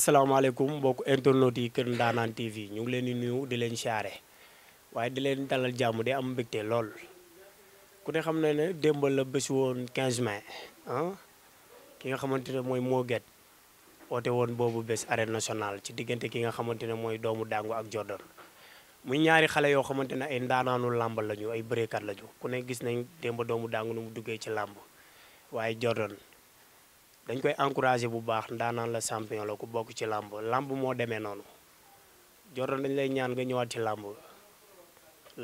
asalaamaaleykum mbokk internet yi Kër Ndaanaan TV ñu ngi leen di nuyu di leen siyaare waaye di leen dalal jàmm di am mbégte lool ku ne xam na ne démb la bés woon 15 mai ah, ki nga xamante ne mooy Mo Gates woon boobu bés arène nationale ci diggante ki nga xamante ne mooy doomu Dangu ak Jordan muy ñaari xale yoo xamante ne ay ndaanaanu làmb lañu ay bëreekat lañu ku ne gis nañ demba doomu Dangu nu mu duggee ci làmb waaye Jordan. dañ koy encouragé bu baax ndaanaan la champion la ku bokk ci làmb làmb moo demee noonu jot dañ lay ñaan nga ñëwaat ci làmb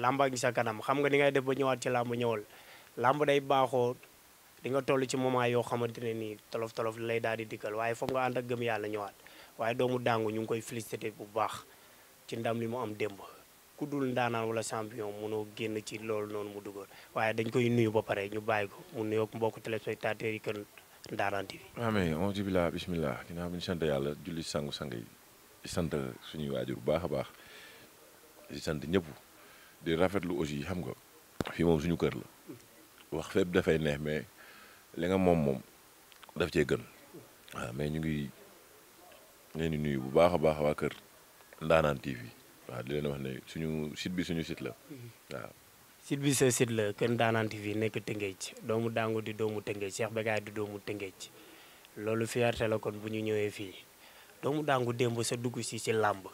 làmb ak sa kanam xam nga ni ngay def ba ñëwaat ci làmb ñëwal làmb day baaxoo di nga toll ci moment yoo xamante ne nii tolof tolof lay daal di dikkal waaye foog nga ànd ak gëm yàlla ñëwaat waaye doomu dàngu ñu ngi koy félicité bu baax ci ndam li mu am demb ku dul ndaanaan wala champion mënoo génn ci loolu noonu mu dugal waaye dañ koy nuyu ba pare ñu bàyyi ko mu nuyoog mbokku téléspectateurs yi kenn Daaraan TV amee on jibila bismillah ginnaaw bi ñu sant yàlla julli sangu sang yi di sant suñuy waajur bu baax a baax di sant ñëpp di rafetlu aussi xam nga fii moom suñu kër la wax fépp dafay neex mais li nga moom moom daf cee gën waaw mais ñu ngi leen di nuyu bu baax a baax waa kër Ndaanaan TV waaw di leen wax ne suñu site bi suñu site la mm-hmm. waaw site bi sa sit la Keur Ndanane TV nekk Tëngéej doomu Dangu di doomu Tëngéej Cheikh Bécaye di doomu Tëngéej loolu fierté la kon bu ñu ñëwee fii doomu Dangu démb sa dugg si si làmb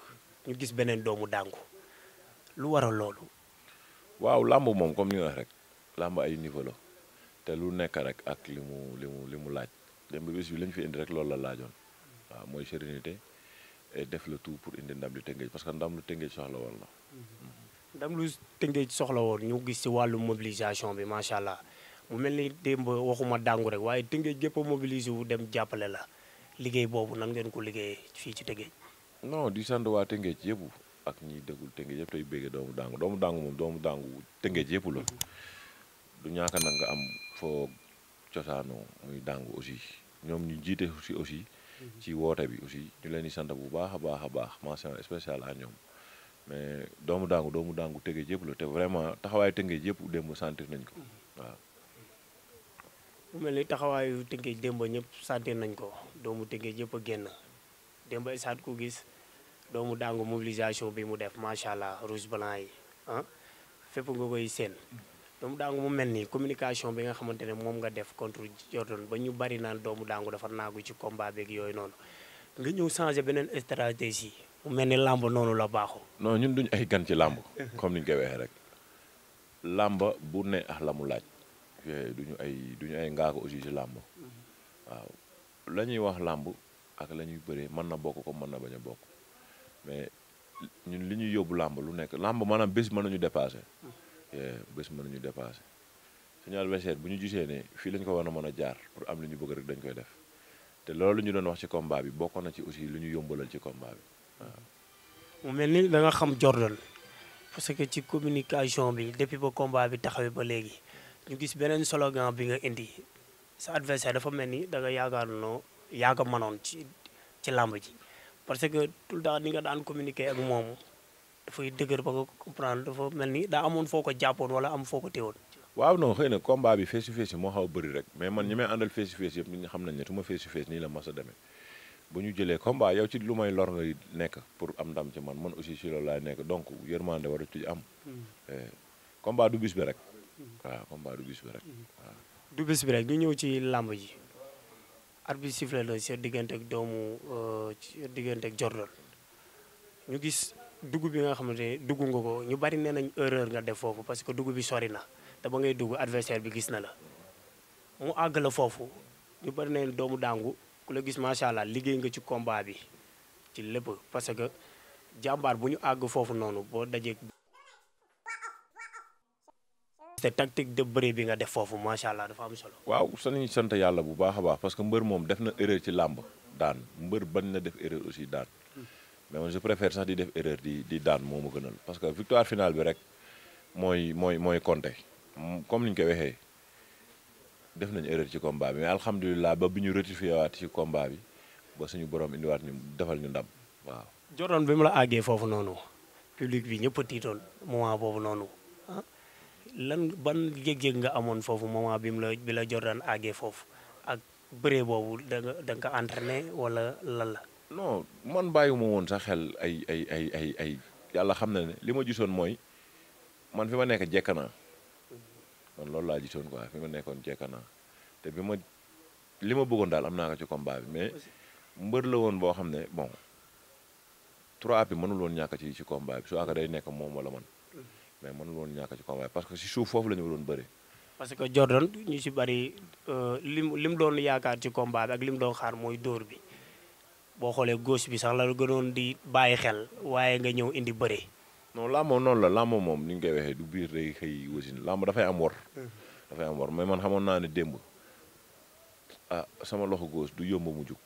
ñu gis beneen doomu Dangu lu waral loolu. waaw làmb moom kom ni nga rek làmb ay niveau la te lu nekk rek ak li mu li mu li mu laaj démb bés su lañ fi indi rek loolu la laajoon waaw mooy sérénité def le tout pour indi ndam lu Tëngéej parce que ndam lu Tëngéej soxla woon la. Mm-hmm. Mm-hmm. ndam lu Tëngéej soxla woon ñu gis ci wàllu mobilisation bi macha allah mu mel ni démb waxuma dàngu rek waaye Tëngéej gépp a mobilisé wu dem jàppale la liggéey boobu nan ngeen ko liggéey fii ci Tëngéej. non di sant waa Tëngéej yëpp ak ñiy dëggul Tëngéej yëpp tey béggee doomu dàngu doomu dàngu moom doomu dàngu Tëngéej yëpp la du ñaaka nag nga am foo cosaanoo muy dàngu aussi ñoom ñu jiite si aussi. Mhm. ci woote bi aussi ñu leen di sant bu baax a baax a baax mention spéciale ñoom. mais doomu daangu doomu daangu tëggee yëpp la te vraiment taxawaayu tëggee yëpp démb sentir nañ ko waaw. mu mel ni taxawaayu tëggee démb ñëpp sentir nañ ko doomu tëggee yëpp a génn démb isaat ku gis doomu daangu mobilisation bi mu def macha allah rouge blanc yi ah fépp nga koy seen doomu daangu mu mel ni communication bi nga xamante ne moom nga def contre Jordan ba ñu bari naan doomu daangu dafa naagu ci combat beeg yooyu noonu nga ñëw changer beneen stratégie. mu mel ni làmb noonu la baaxu non ñun duñ ay gan ci làmb comme ni ñu koy waxee rek làmb bu ne ax lamu laaj eh, duñu ay ay ngaa ko aussi ci làmb waaw la ñuy wax làmb ak la ñuy bëree mën na bokk ko mën na bañ a bokk mais ñun li ñuy yóbbu làmb lu nekk làmb maanaam bés mën nañu dépassé eh, bés mën nañu dépassé suñu adversaire bu ñu gisee ne fii lañ ko war a mën a jaar pour am li ñu bëgg rek dañ koy def te loolu ñu doon wax ci combat bi bokkoon na ci aussi lu ñu yombalal ci combat bi mu mel ni da nga xam Jordan parce que ci communication bi depuis ba combat bi taxawee ba léegi ñu gis beneen slogan bi nga indi sa adversaire dafa mel ni da nga yaakaar noo yaa ko mënoon ci ci làmb ji parce que tout le temps ni nga daan communiquer ak moom dafay dëgër ba nga comprendre dafa mel ni daa amoon foo ko jàppoon wala am foo ko téewoon waaw non xëy na combat bi face to moo xaw a bëri rek mais man ñi àndal face to nii la mas a demee bu ñu jëlee combat yow ci lu may lor nga nekk pour am ndam ci man man aussi si loolu laay nekk donc yërmande war a ci am. Hmm. Eh, combat du bi rek. waaw combat du bis bi rek waaw. Hmm. du bis bi rek ñu ñëw ci làmb ji. arbitre sifflé la sa diggante ak doomu euh, sa diggante ak Jordan ñu gis dugg bi nga xamante ne dugg nga ko ñu bari nee nañ erreur nga def foofu parce que dugg bi sori na te ba ngay dugg adversaire bi gis na la mu àgg la foofu ñu bari nee doomu dàngu. ku la gis macha allah liggéey nga ci combat bi ci lépp parce que jàmbaar bu ñu àgg foofu noonu boo dajee. te tactique de bëre bi nga def foofu macha allah dafa am solo. waaw sanañu sant yàlla bu baax a baax parce que mbër moom def na erreur ci làmb daan mbër bañ na def erreur aussi daan mais man je sax di def erreur di di daan moo ma gënal parce que victoire finale bi rek mooy mooy mooy compter comme ni ñu ko waxee. def nañ erreur ci combat bi mais alhamdulilah ba bi ñu rectifié waat ci combat bi ba suñu borom indiwaat ñu defal ñu ndam waaw. jotoon bi mu la àggee foofu noonu public bi ñëpp a tiitoon moment boobu noonu ah, lan ban yëg-yëg nga amoon foofu moment bi mu la bi la Jordan àggee foofu ak bëree boobu da nga da nga ko entraîné wala lan la. non man bàyyiwuma woon sax xel ay ay ay yàlla xam na ne li ma gisoon mooy man fi ma nekk jekk naa kon loolu laa gisoon quoi fi ma nekkoon jekka naa te bi ma li ma bëggoon daal am naa ko ci combat bi mais mbër la woon boo xam ne bon trois bi mënul ñàkk ci ci combat bi su nekk moom wala man mais mënul woon ñàkk ci combat bi parce que si suuf foofu la ñu doon bëri. parce que Jordan ñu si bëri euh, lim lim doon yaakaar ci combat bi ak lim doon xaar mooy dóor bi boo xoolee gauche bi sax la gënoon di bàyyi xel waaye nga ñëw indi bëri. non làmb noonu la làmb moom ni koy waxee du biir day xëy wasin làmb dafay am war. Mm-hmm. dafay am war mais man xamoon naa ne démb ah, sama loxo gauche du yomb mu jug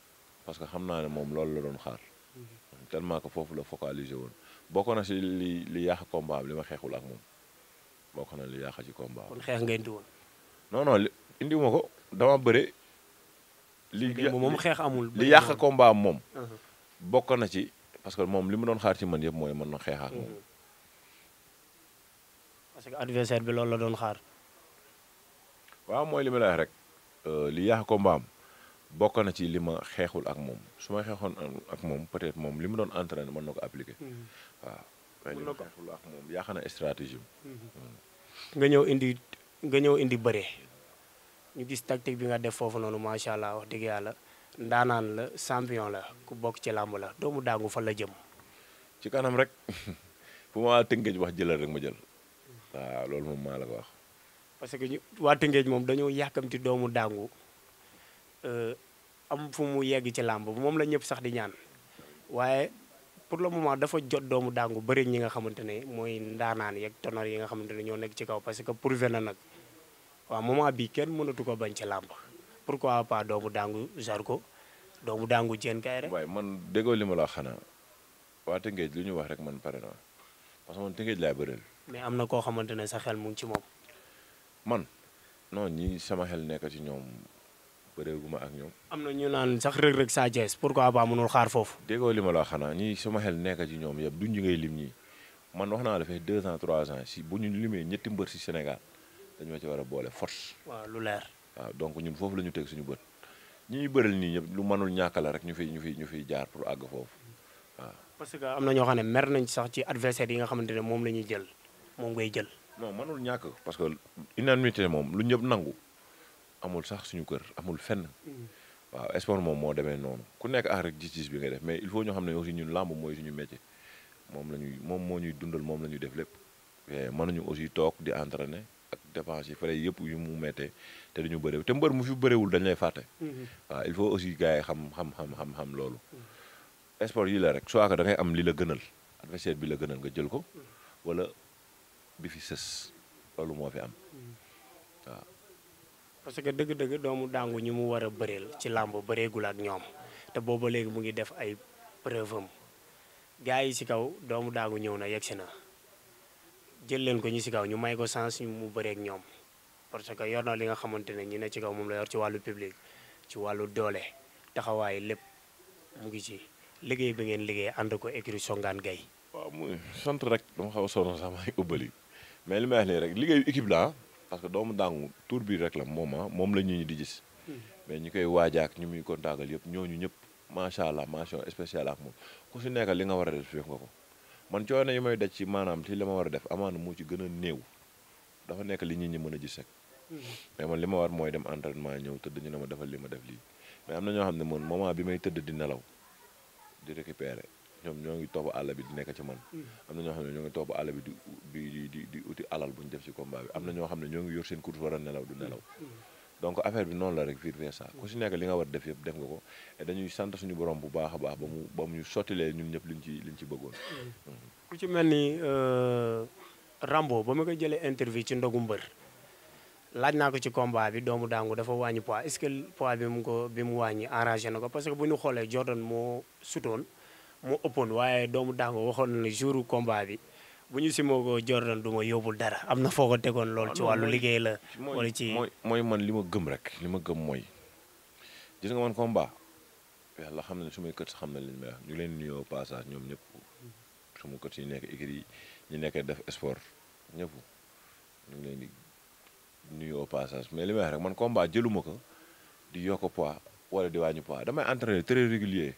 parce que xam naa ne moom loolu la doon xaar. Mm-hmm. tellement que foofu la focaliser woon bokk na li li yàq combat bi li ma xeexul ak moom na li yàq ci combat indi woon. non non li indiwuma ko dama bëre. li moom xeex amul. li yàq combat moom. Mm-hmm. bokk na ci parce que moom li mu doon xaar ci man yëpp mooy man na xeex ak moom. parce que adversaire bi loolu la doon xaar. waaw mooy li ma lay rek euh, li yàq ko mbaam bokk na ci li ma xeexul ak moom su ma xeexoon ak moom peut-être moom li ma doon entraîné mën na ko appliquer. Mm-hmm. waaw mais li ma xeexul ak moom yàq na stratégie mm-hmm. nga ñëw indi nga ñëw indi bëre ñu gis tactique bi nga def foofu noonu macha allah wax dëgg yàlla ndaanaan la champion la ku bokk ci làmb la doomu daangu fa la jëm. ci kanam rek bu ma tënkee wax jëlal rek ma jël. waaw loolu moom maa la ko wax. parce que waa moom dañoo yàkkamti doomu dàngu euh, am fu mu yegg ci làmb moom la ñëpp sax di ñaan waaye pour le moment dafa jot doomu dàngu bëri ñi nga xamante ne mooy ndaanaan yeeg tonor yi nga xamante ne ñoo nekk ci kaw parce que prouvé na nag waaw moment bi kenn mënatu ko bañ ci làmb pourquoi pas doomu dàngu Zarko doomu dàngu Diène Kaïré. waaye man déggoo li ma la xanaa waa Tëngéej lu ñu wax rek man pare na parce que man Tëngéej laay bëreel. mais am na koo xamante ne sa xel mu ngi ci moom. man non ñi sama xel nekk ci ñoom bëreeguma ak ñoom. am na ñu naan sax Reug Reug Sa Thiès pourquoi pas mënul xaar foofu. déggoo li ma la xanaa ñi sama xel nekk ci ñoom yëpp duñ ñu ngay lim ñi man wax naa la fee deux ans trois bu ñu limee ñetti mbër si Sénégal dañ ci war boole force. waaw lu leer. waaw donc ñun la ñu teg suñu bët ñi ñuy bëral nii ñëpp lu mënul ñàkk la rek ñu fiy ñu fiy ñu fiy jaar pour àgg foofu waaw. parce am na ñoo xam ne mer nañ sax ci adversaire yi nga xamante ne moom la ñuy jël moom ngay jël. non mënul ñàkk parce que unanimité moom lu ñëpp nangu amul sax suñu kër amul fenn. Mm. waaw sport moom moo demee noonu ku nekk ak rek gis-gis bi nga def mais il faut ñoo xam ne aussi ñun làmb mooy suñu métier moom la ñuy moom moo ñuy dundal moom la ñuy def lépp. nañu aussi toog di entraîner ak dépenses yi frais yëpp yu mu méttee te duñu bëre te mbër mu fi bëriwul dañ lay fàtte. Mm-hmm. waaw il faut aussi gars yi xam xam xam xam xam loolu. Mm. sport yi la rek soit que da ngay am lii la gënal adversaire bi la gënal nga jël ko mm. bi fi sës loolu moo fi am waaw. parce que dëgg-dëgg doomu dàngu ñi mu war a bëreel ci làmb bareegul ak ñoom te booba léegi mu ngi def ay preuve am yi si kaw doomu dàngu ñëw na yegsi na jël leen ko ñi si kaw ñu may ko sens mu bëreeg ñoom parce que yor na li nga xamante ne ñi ne ci kaw moom la yor ci wàllu public ci wàllu doole taxawaay lépp mu ngi ci liggéey bi ngeen liggéey ànd ko écrit songaan gay waaw muy sant rek dama xaw a sonn sax may ubbali mais li may wax nii rek liggéeyu équipe la parce que doomu dàngu tour bi rek la moom ah moom la ñu di gis. mais ñi koy waajaak ñu muy kontaagal yëpp ñooñu ñëpp macha allah mention spéciale ak moom ku si nekk li nga war a def feex nga ko man coono yi may daj ci maanaam ci li ma war a def amaana moo ci gën a néew dafa nekk li nit ñi mën a gis rek. mais man li ma war mooy dem entraînement ñëw tëdd ñu ne ma defal li ma def lii mais am na ñoo xam ne man moment bi may tëdd di nelaw di récupérer ñoom ñoo ngi topp àll bi di nekk ci man mm. am na ñoo xam ne ñoo ngi topp àll bi di uti alal bu ñu def ci combat bi am ñoo xam ne ñoo ngi seen course a nelaw du nelaw mm. Mm. donc affaire bi noonu la rek fiir versa ku si nekk li nga war def yëpp def nga ko dañuy sant suñu borom bu baax a baax ba mu ba mu ñu sottilee ñun ñëpp liñ ci liñ ci bëggoon ku ci mel ni euh, Rambo ba ma koy jëlee ci ndogu mbër laaj naa ko ci combat bi doomu daangu dafa wàññi poids est-ce que poids bi mu ko bi mu wàññi arrangé na ko parce que bu ñu xoolee Jordan moo sutoon moo ëppoon waaye doomu daango waxoon na ne jouru combat bi bu ñu si moo ko Jordan du ma yóbbul dara am na foo ko tegoon lool ci ah, wàllu liggéey la wala ci mooy man li ma gëm rek li ma gëm mooy gis nga man combat xam ne su may kët sa xam na li ñu leen nuyoo passage ñoom ñëpp suma kët ñu nekk nekk def sport ñëpp ñu ngi leen di nuyu au passage mais li rek man combat jëluma ko di yokk poids wala di wàññi poids damay entraîner très régulier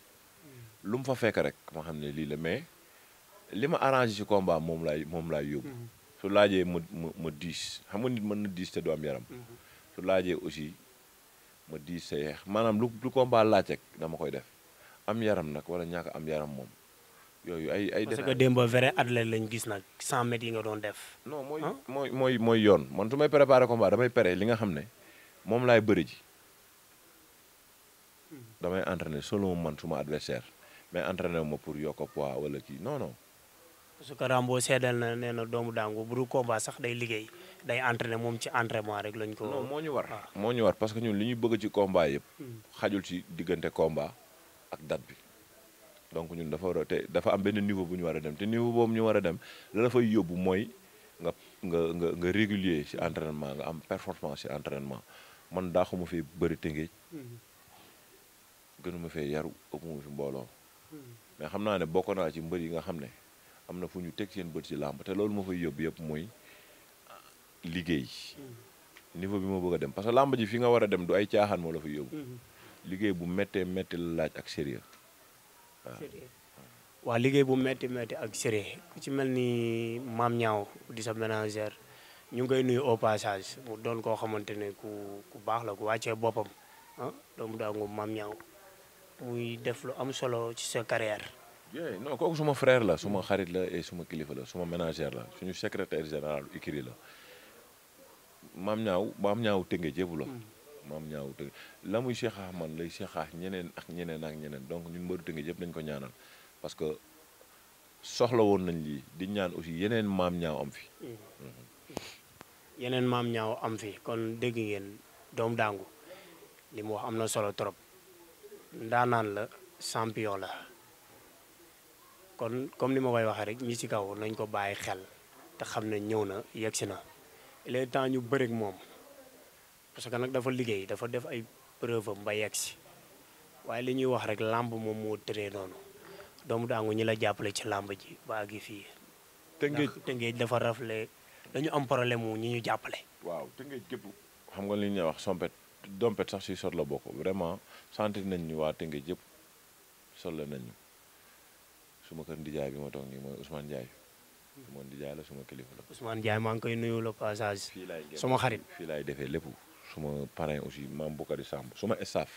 lu mu fa fekk rek ma xam ne lii la mais li ma arrangé ci combat moom laay moom laay yóbbu. Mhm. su laajee ma ma ma diis xam nga mën na diis te du am yaram. Mhm. aussi ma diis maanaam lu lu combat laaj rek dama koy def am yaram nag wala ñàkk am yaram moom. yooyu ay ay parce que démb vrai athlète lañ gis nag 100 yi nga doon def. non mooy mooy mooy yoon man su may préparé combat damay pare li nga xam ne moom laay bëri ji. Mhm. damay entraîné selon man suma adversaire mais entraîné wu pour yokk poids wala kii non non. su ko Rambo seedal na nee na doomu daangu bu du combat sax day liggéey day entraîné moom ci entraînement rek lañ ko. non moo ñu war moo ñu war que ñun li ñu bëgg ci combat yëpp. xajul ci diggante combat ak date donc ñun dafa war dafa am benn niveau bu ñu war a dem te niveau boobu ñu war a dem la la fay yóbbu mooy nga nga nga nga régulier si entrainement nga am performance si entraînement man daaxuma fi bëri tëngéej. Mhm. gënuma fee yaru ëppuma fi mbooloo. mais xam naa ne bokk naa ci mbëri yi nga xam ne am na fu ñu teg seen bët ci làmb te loolu moo fay yóbbu yëpp mooy ah, liggéey hmm. ni bi moo bëgg a dem parce que làmb ji fi nga war a dem du ay caaxaan moo la fa yóbbu hmm. liggéey bu méttee métti laaj ak sérieux waa liggéey bu metti métti ak sérieux ku ci mel ni maam ñaaw di sa ménagère ñu ngay nuyu au passage mu doon koo xamante ne ku ku baax la ku wàccee boppam ah doomu daa ngum maam ñaaw muy def lu am solo ci sa carrière. yooyu non kooku suma frère la suma xarit la et suma kilifa la suma ménagère la suñu secrétaire général ikiri la maam ñaaw maam ñaaw tënge jébu la. Mm. maam ñaaw tënge la muy seexaax man lay seexaax ñeneen ak ñeneen ak ñeneen donc ñun mbëru tënge yëpp dañ ko ñaanal parce que soxla woon nañ lii di ñaan aussi yeneen maam ñaaw am fi. Mm. Mm-hmm. yeneen maam ñaaw am fi kon dégg ngeen doom daangu li mu wax am na solo trop. ndaanaan la sampiyon la kon comme ni ma koy waxee rek ñi si kaw nañ ko bàyyi xel te xam ne ñëw na yegg si na il est temps ñu bëreeg moom parce que nag dafa liggéey dafa def ay preuve am ba yegg si waaye li ñuy wax rek làmb moom moo tëree noonu doomu daangu ñi la jàppale ci làmb ji ba gi fii. tëngéej tëngéej dafa rafle dañu am problème mu ñu ñu jàppale. waaw tëngéej képp xam nga li ñuy wax sompet dompet sax si sot la bokk vraiment sentir nañ ñu waa Tëngéej yëpp sol la nañ suma kër ndijaay bi ma toog nii mooy Ousmane Ndiaye. suma ndijaay la suma kilifa la. Ousmane Ndiaye maa ngi koy nuyu la passage. fii laay suma xarit fii laay defee lépp suma parrain aussi maam Bokari Samb suma staff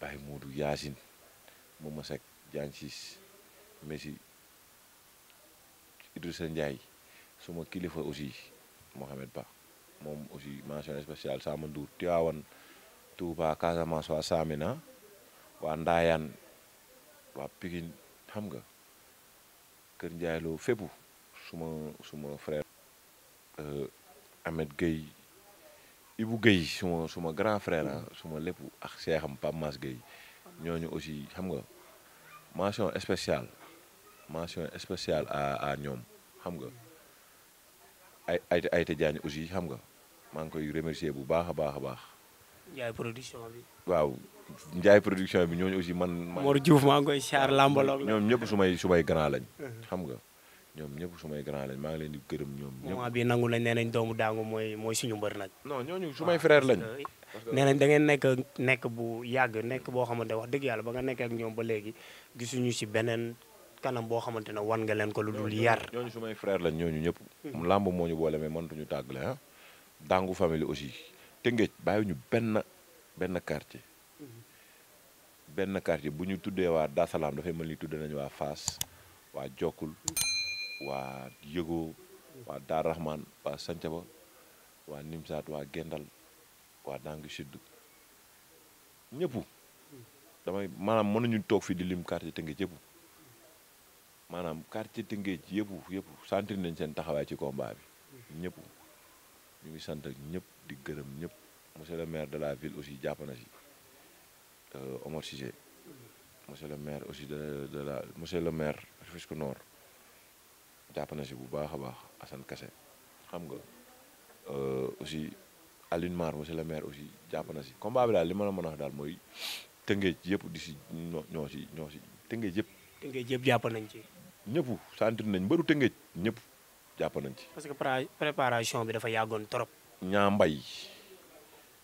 Baye Moodu Yacine Mouma Seck Diagne Ciss Messi Idrissa Ndiaye suma kilifa aussi Mohamed Ba. moom aussi mention spéciale Sama Ndour Tivaouane Touba Casamance waa Samina waa Ndaayaan waa Pikine xam nga Kër Ndiaye Lo fépp suma suma frère euh, Ahmed Gueye Ibou Gueye suma suma grand frère ah, suma lépp ak seexam Pape Mas ñooñu aussi xam nga mention spéciale mention spéciale à à ñoom xam nga ay ay Ayta Diagne aussi xam nga maa ngi koy remercier bu baax a baax a baax. Ndiaye production bi. waaw Ndiaye production bi ñooñu aussi man. maa ngi koy siyaar làmbaloog la. ñoom ñëpp sumay sumay grand lañ. Uh-huh. xam nga ñoom ñëpp sumay grand leen di gërëm ñoom. ñëpp moment bii nangu lañ nee nañ doomu daangu mooy mooy suñu mbër nag. non ñooñu sumay frère lañ. nee nañ da ngeen nekk nekk bu yàgg nekk boo xamante wax dëgg yàlla ba nga nekk ñoom ba léegi gisuñu ci beneen kanam boo xamante ne wan nga leen ko lu dul yar. ñooñu sumay frère lañ ñooñu ñëpp. làmb moo ñu boole mais mënatuñu tàggale ah. dàngu famille aussi Tëngéej bàyyiwuñu benn benn quartier. benn quartier bu ñu tuddee waa Daasalaam dafay mel ni nañu waa Fass waa Jokkul waa Yëgoo waa Daar Rahman waa Sancaba waa Nimsaat toog fii di lim quartier Tëngéej yëpp. maanaam ci Tëngéej yëpp yëpp sentir nañ seen taxawaay ci combat bi ñëpp ñu ngi sant ñëpp di gërëm ñëpp monsieur le maire de la ville aussi jàpp na si euh, Omar Cissé monsieur le maire aussi de de la monsieur le maire Rufisque Nord jàpp na si bu baax a baax assan kase xam nga euh, aussi Alioune Mar monsieur le maire aussi jàpp na si combat bi daal li ma la mën a daal mooy Tëngéej yëpp di si ñoo ñoo si ñoo Tëngéej yëpp. tëngéej yëpp jàpp nañ ci. ñëpp sentir nañ mbëru tëngéej ñëpp jàpp nañ ci. parce que préparation bi dafa yàggoon trop. ñaa mbay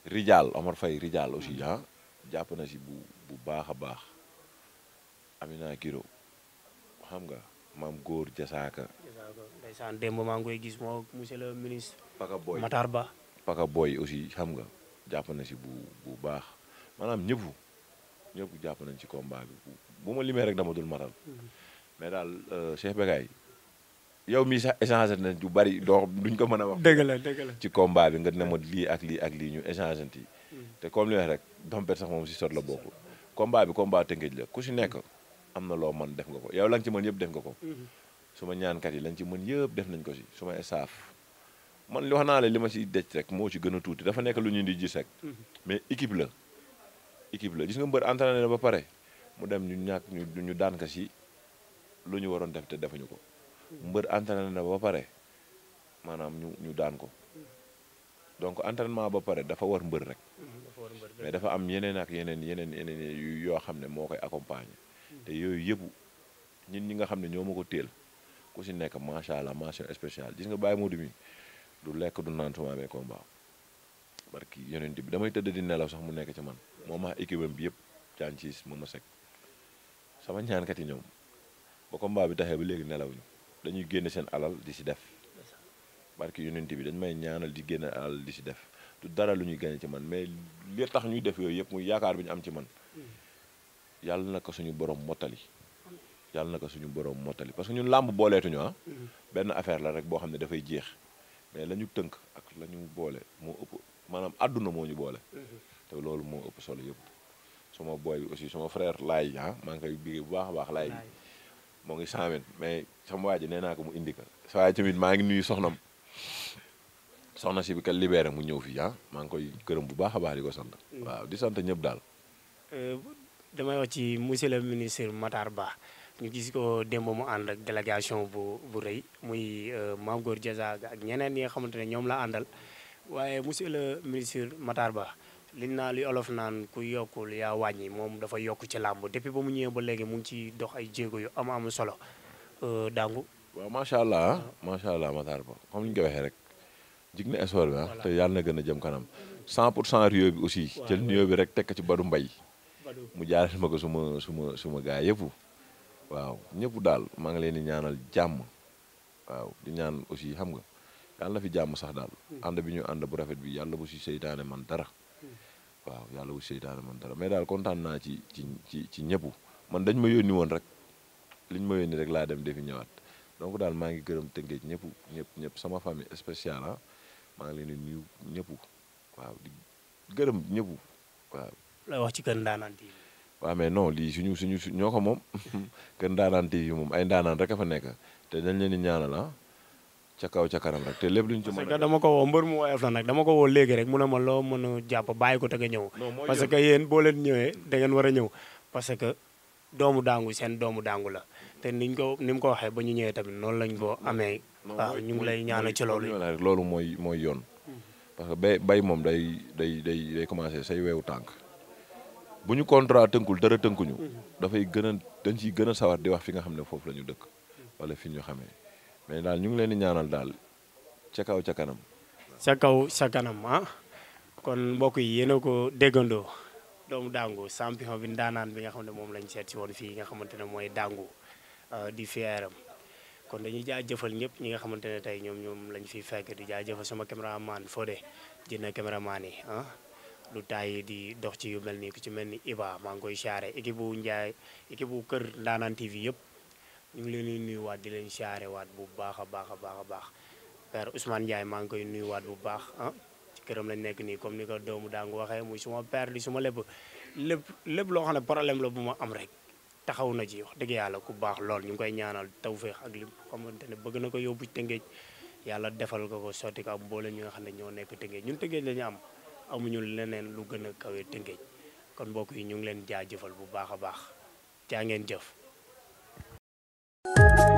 Rijal Omar Faye Rijal aussi mm. ah jàpp na si bu bu baax a baax Amina Kiro xam nga maam góor jasaaka. jasaaka maa ngi koy gis moo monsieur le ministre. Paka Boy Matar Ba. Paka Boy aussi xam nga jàpp na si bu bu baax maanaam ñëpp. ñëpp jàpp nañ ci combat bi bu ma limee rek dama dul matal. mais daal euh, Cheikh Becaye yow mii sax échangé nañ du bari doo duñ ko mën a wax. dëgg la dëgg la ci combat bi nga ne ma lii ak lii ak lii ñu échangé yi te comme li rek dompet sax moom si sot la bokk. combat bi kombaa tëngëj la ku si nekk am na loo man def nga ko yow lañ ci mën yëpp def nga ko. Mhm. su ma ñaankat yi lañ ci mën yëpp def nañ ko si su ma staff man li wax naa la li ma si dej rek moo ci gën a tuuti dafa nekk lu ñu di gis rek. Mhm. mais équipe la. équipe la gis nga mbër entraîné na ba pare mu dem ñu ñàkk ñu ñu daan ka si lu ñu waroon def te defuñu ko mbër entraîné na ba pare maanaam ñu ñu daan ko donc entraînement ba pare dafa war mbër rek mais dafa am yeneen ak yeneen yeneen yeneen yoo xam ne moo koy accompagner te yooyu yëpp ñun ñi nga xam ne ñoo ma ko téel ku si nekk macha allah mention spéciale gis nga Baye Modou mi du lekk du naan su ma amee combat barki yonent bi damay tëdd di nelaw sax mu nekk ci man moo ma équipe am bi yëpp Thiam Ciss Mama Seck sama ñaankat yi ñoom ba combat bi taxee ba léegi nelawuñu dañuy génn seen alal di si def barki Yonent bi dañ may ñaanal di génn alal di si def du dara lu ñuy gañe ci man mais li tax ñuy def yooyu yëpp muy yaakaar bi ñu am ci man yàlla na ko suñu borom mottali yàlla na ko suñu borom mottali parce que ñu làmb booleetuñu ah. benn affaire la rek boo xam ne dafay jeex mais la ñu tënk ak la ñu boole moo ëpp maanaam àdduna moo ñu boole. te loolu moo ëpp solo yëpp suma boy bi aussi suma frère laay ah maa ngi koy bigee bu baax a baax laay moo ngi cent mais sama waa ji nee naa mu indi ko sa waay maa ngi nuyu soxnam soxna si bi ka mu ñëw fii ah maa ngi koy gërëm bu baax a baax di ko sant mm. waaw di sant ñëpp daal euh, damay wax ci monsieur le ministre Matar Ba ñu gis ko démb mu ànd ak délégation bu bu rëy muy euh, Mame Gor Diazaka ak ñeneen ñi nga xamante ne ñoom la àndal waaye monsieur le ministre Matar Ba liñ naa li olof naan ku yokkul yaa wàññi moom dafa yokk ci làmb depuis ba mu ñëwee ba léegi mu ngi ci dox ay jéego yu am am solo euh, dangu waaw macha allah ah. macha allah Matar Ba comme ni ñu ko waxee rek jig na espoir bi ah te yàlla na gën a jëm kanam 100 pour cent rio bi aussi jël nuyoo bi rek tekk ci badu mbay mu jaarale ma ko suma suma suma gaa yëpp waaw ñëpp daal maa ngi leen di ñaanal jàmm waaw di ñaan aussi xam nga yàlla na fi jàmm sax daal hmm. ànd bi ñu ànd bu rafet bi yàlla bu si seytaane man dara waaw yàlla wu seytaane man dara mais daal kontaan naa ci ci ci ci ñëpp man dañ ma yónni woon rek liñ ma yónni rek laa dem defi ñëwaat donc daal maa ngi gërëm tëngeej ñëpp ñëpp ñëpp sama famille spéciale ah maa ngi leen di nuyu ñëpp waaw di gërëm ñëpp waaw. lay wax ci Kër Ndaanaan TV. waaw mais non lii suñu suñu ñoo ko moom Kër Ndaanaan TV moom ay ndaanaan rek a fa nekk te dañ leen di ñaanal ah, ca kaw ca kanam rek te lépp luñ ci mën a dama ko woo mbër mu woyof la nag dama ko woo léegi rek mu ne ma loo mën a jàpp bàyyi ko te nga ñëw parce que yéen boo leen ñëwee da ngeen war a ñëw parce que doomu daangu seen doomu daangu la te niñ ko ni mu ko waxee ba ñu ñëwee tamit noonu lañ ko amee waaw ñu ngi lay ñaanal ci loolu rek loolu mooy mooy yoon mm-hmm. parce que bay bay moom day day day day commencé say weewu tànk bu ñu contrat tënkul dara tënkuñu mm-hmm. dafay gën a dañ ciy gën a sawar di wax fi nga xam ne foofu la ñu dëkk wala fi ñu xamee mais daal ñu ngi leen di ñaanal daal ca kaw ca kanam. ca kaw ca kanam ah. kon mbokk yi yéen a ko déggandoo doomu Dangu champion bi ndaanaan bi nga xam ne moom lañ seet ci woon fii nga xamante ne mooy Dangu euh, di fièram kon dañuy jaajëfal ñëpp ñi nga xamante ne tey ñoom ñoom lañ fiy fekk di jaajëfal sama caméraman Fodé jënd caméraman yi ah lu taay di dox ci yu mel nii ku ci mel ni Iba maa ngi koy siyaare équipe bu Ndiaye équipe bu kër ndaanaan TV yëpp. ñu ngi leen di nuyuwaat di leen siyaarewaat bu baax a baax a baax a baax père Ousmane maa ngi koy nuyuwaat bu baax ah ci këram lañ nekk nii comme ni ko doomu daangu waxee muy suma per di suma lépp lépp lépp loo xam ne problème la bu ma am rek taxaw na ci wax dëgg yàlla ku baax lool ñu ngi koy ñaanal tawféex ak li xamante ne bëgg na ko yóbbu tëngeej yàlla defal ko ko sotti ko am mboolem ñi nga xam ne ñoo nekk tëngeej ñun tëngeej lañu am amuñu leneen lu gën a kawee tëngeej kon mbokk yi ñu ngi leen jëfal bu baax a baax jaa ngeen jëf thank you